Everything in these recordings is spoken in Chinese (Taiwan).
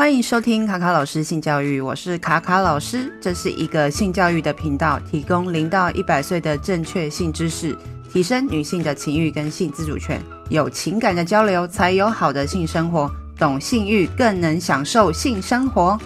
歡迎收聽卡卡老師性教育，我是卡卡老師。這是一個性教育的頻道，提供零到一百歲的正確性知識，提升女性的情欲跟性自主權，有情感的交流才有好的性生活，懂性欲更能享受性生活。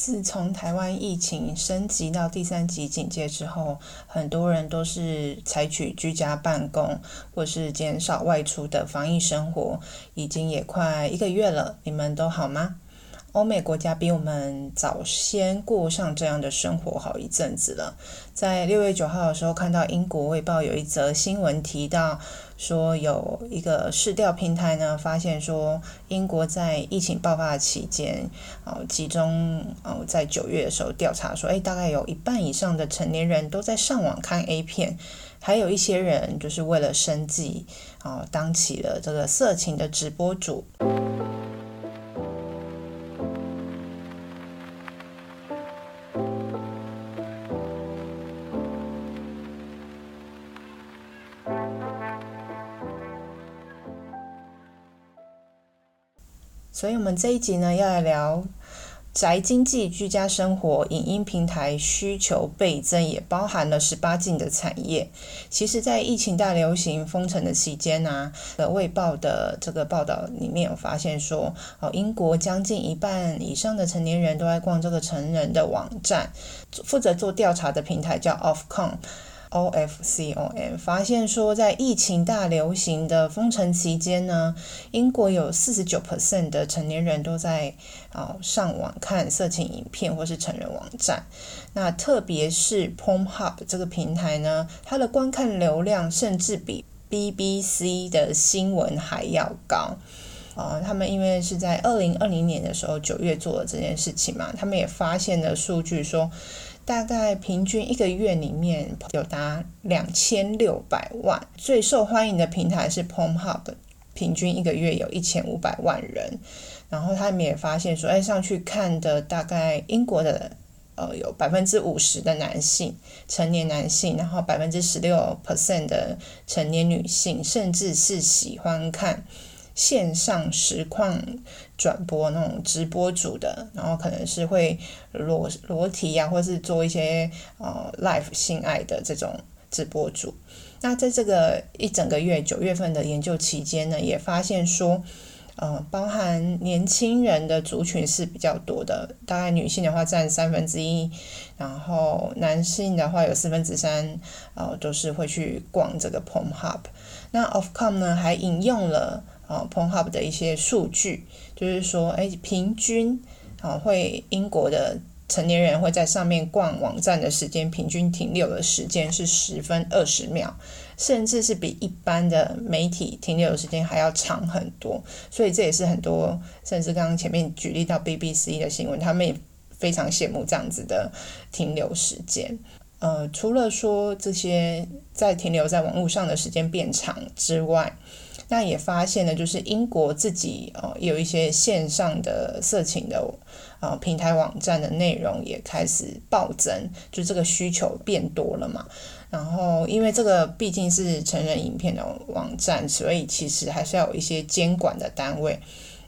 自從台灣疫情升級到第三級警戒之後，很多人都是採取居家辦公，或是減少外出的防疫生活，已經也快一個月了。你們都好嗎？歐美國家比我們早先過上這樣的生活好一陣子了。在六月九號的時候，看到《英國衛報》有一則新聞提到，說有一個市調平台呢，發現說英國在疫情爆發期間，哦，集中哦，在九月的時候調查說，哎，大概有一半以上的成年人都在上網看 A 片，還有一些人就是為了生計，哦，當起了這個色情的直播主。所以，我們這一集呢，要來聊宅經濟、居家生活、影音平台需求倍增，也包含了十八禁的產業。其實，在疫情大流行、封城的期間呢，啊，的衛報的這個報道裡面有發現說，哦，英國將近一半以上的成年人都在逛這個成人的網站。負責做調查的平台叫 Ofcom。Ofcom 發現說，在疫情大流行的封城期間呢，英國有四十九 percent 的成年人都在啊、呃、上網看色情影片或是成人網站。那特別是 PornHub 這個平台呢，它的觀看流量甚至比 BBC 的新聞還要高。啊、呃，他們因為是在二零二零年的時候九月做了這件事情嘛，他們也發現了數據說。大概平均一個月裡面有達兩千六百萬，最受歡迎的平台是 Pornhub，平均一個月有一千五百萬人。然後他們也發現說，哎，上去看的大概英國的呃有百分之五十的男性成年男性，然後百分之十六 percent 的成年女性，甚至是喜歡看。線上實況轉播那種直播主的，然後可能是會裸裸體啊，或是做一些呃 live 性愛的這種直播主。那在這個一整個月九月份的研究期間呢，也發現說，呃，包含年輕人的族群是比較多的，大概女性的話佔三分之一，3，然後男性的話有四分之三，呃，都是會去逛這個 Pornhub。那 Ofcom 呢還引用了。啊、oh,，Pornhub 的一些數據就是說，哎，平均，啊、哦，會英國的成年人會在上面逛網站的時間平均停留的時間是十分二十秒，甚至是比一般的媒體停留的時間還要長很多。所以這也是很多，甚至剛剛前面舉例到 BBC 的新聞，他們也非常羨慕這樣子的停留時間。呃，除了說這些在停留在網絡上的時間變長之外，那也發現呢，就是英國自己呃有一些線上的色情的呃平台網站的內容也開始暴增，就這個需求變多了嘛。然後因為這個畢竟是成人影片的網站，所以其實還是要有一些監管的單位。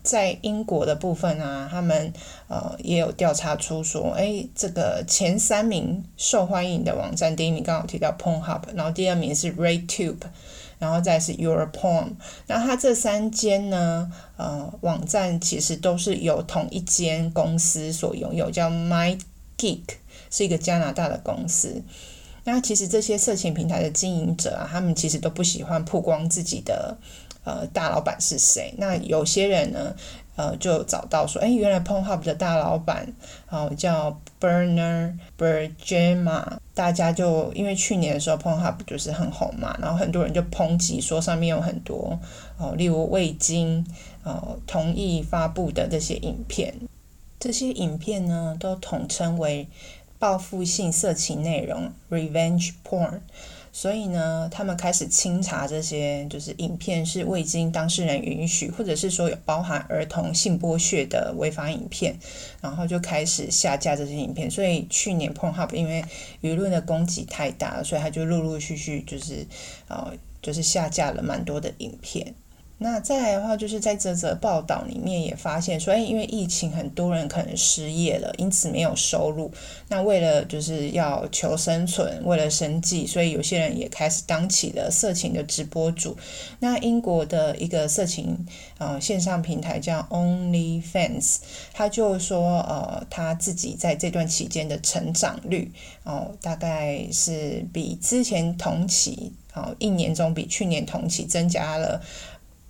在英國的部分啊，他們呃也有調查出說，誒，這個前三名受歡迎的網站，第一名剛好提到 PornHub，然後第二名是 RayTube。然後再是 Europorn，那它這三間呢，呃，網站其實都是由同一間公司所擁有，叫 MyGeek，是一個加拿大的公司。那其實這些色情平臺的經營者啊，他們其實都不喜歡曝光自己的，呃，大老闆是誰。那有些人呢，呃，就找到說，哎，原來 Pornhub 的大老闆、呃、叫 Bernard Bergema，大家就因為去年的時候 Pornhub 就是很紅嘛，然後很多人就抨擊說上面有很多哦、呃，例如未經、呃、同意發佈的這些影片，這些影片呢都統稱為報復性色情內容 （Revenge Porn）。Re 所以呢，他們開始清查這些，就是影片是未經當事人允許，或者是說有包含兒童性剝削的違法影片，然後就開始下架這些影片。所以去年碰 o u 因為輿論的攻擊太大了，所以他就陸陸續續就是，哦、呃，就是下架了蠻多的影片。那再來的話，就是在這則報道裡面也發現說，所以、欸、因為疫情，很多人可能失業了，因此沒有收入。那為了就是要求生存，為了生計，所以有些人也開始當起了色情的直播主。那英國的一個色情呃線上平台叫 OnlyFans，他就說呃他自己在這段期間的成長率哦、呃，大概是比之前同期哦、呃、一年中比去年同期增加了。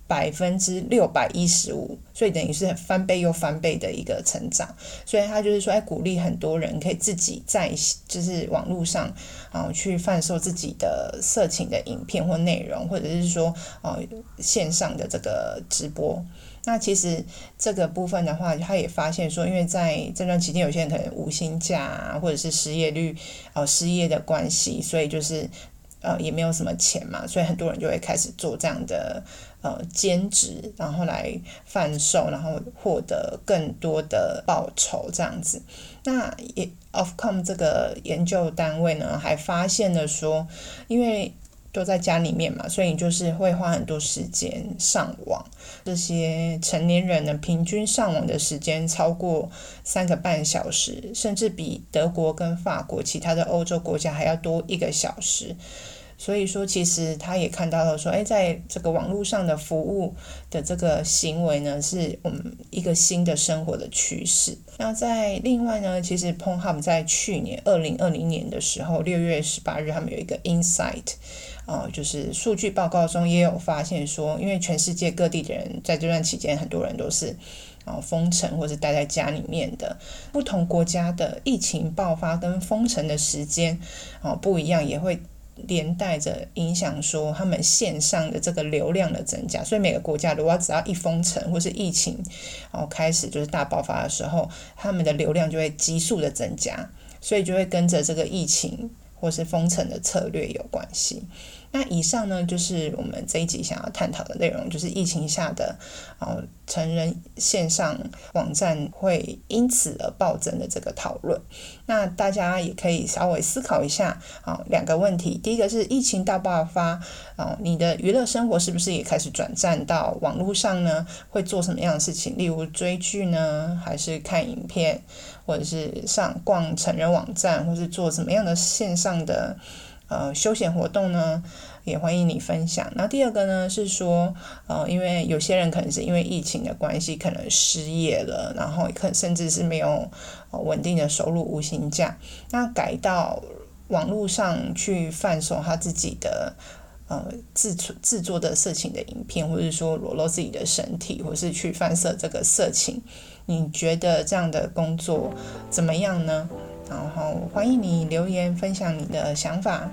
百分之六百一十五，所以等於是翻倍又翻倍的一個成長。所以他就是說，哎，鼓勵很多人可以自己在就是網絡上啊、呃、去販售自己的色情的影片或內容，或者是說啊、呃、線上的這個直播。那其實這個部分的話，他也發現說，因為在這段期間，有些人可能無薪假啊，或者是失業率啊、呃、失業的關係，所以就是。呃，也沒有什麼錢嘛，所以很多人就會開始做這樣的呃兼職，然後來販售，然後獲得更多的報酬。這樣子，那也 Ofcom 這個研究單位呢，還發現了說，因為都在家裡面嘛，所以你就是會花很多時間上網。這些成年人呢，平均上網的時間超過三個半小時，甚至比德國跟法國其他的歐洲國家還要多一個小時。所以說，其實他也看到了，說，哎，在這個網絡上的服務的這個行為呢，是我們、嗯、一個新的生活的趨勢。那在另外呢，其實 Pornhub 在去年二零二零年的時候，六月十八日，他們有一個 Insight 啊、哦，就是數據報告中也有發現說，因為全世界各地的人在這段期間，很多人都是啊、哦、封城或者是待在家裡面的。不同國家的疫情爆發跟封城的時間啊、哦、不一樣，也會。連帶着影響說，他們線上的這個流量的增加，所以每個國家如果只要一封城或是疫情，然後開始就是大爆發的時候，他們的流量就會急速的增加，所以就會跟着這個疫情或是封城的策略有關係。那以上呢，就是我們這一集想要探討的內容，就是疫情下的哦，成人線上網站會因此而暴增的這個討論。那大家也可以稍微思考一下，哦，兩個問題。第一個是疫情大爆發，哦，你的娛樂生活是不是也開始轉戰到網絡上呢？會做什麼樣的事情？例如追劇呢，還是看影片，或者是上逛成人網站，或者是做什麼樣的線上的？呃，休閒活動呢，也歡迎你分享。那第二個呢，是說，呃，因為有些人可能是因為疫情的關係，可能失業了，然後可甚至是沒有呃穩定的收入，無薪假。那改到網絡上去販售他自己的呃製作製作的色情的影片，或者說裸露自己的身體，或是去販售這個色情。你覺得這樣的工作怎麼樣呢？然後歡迎你留言分享你的想法。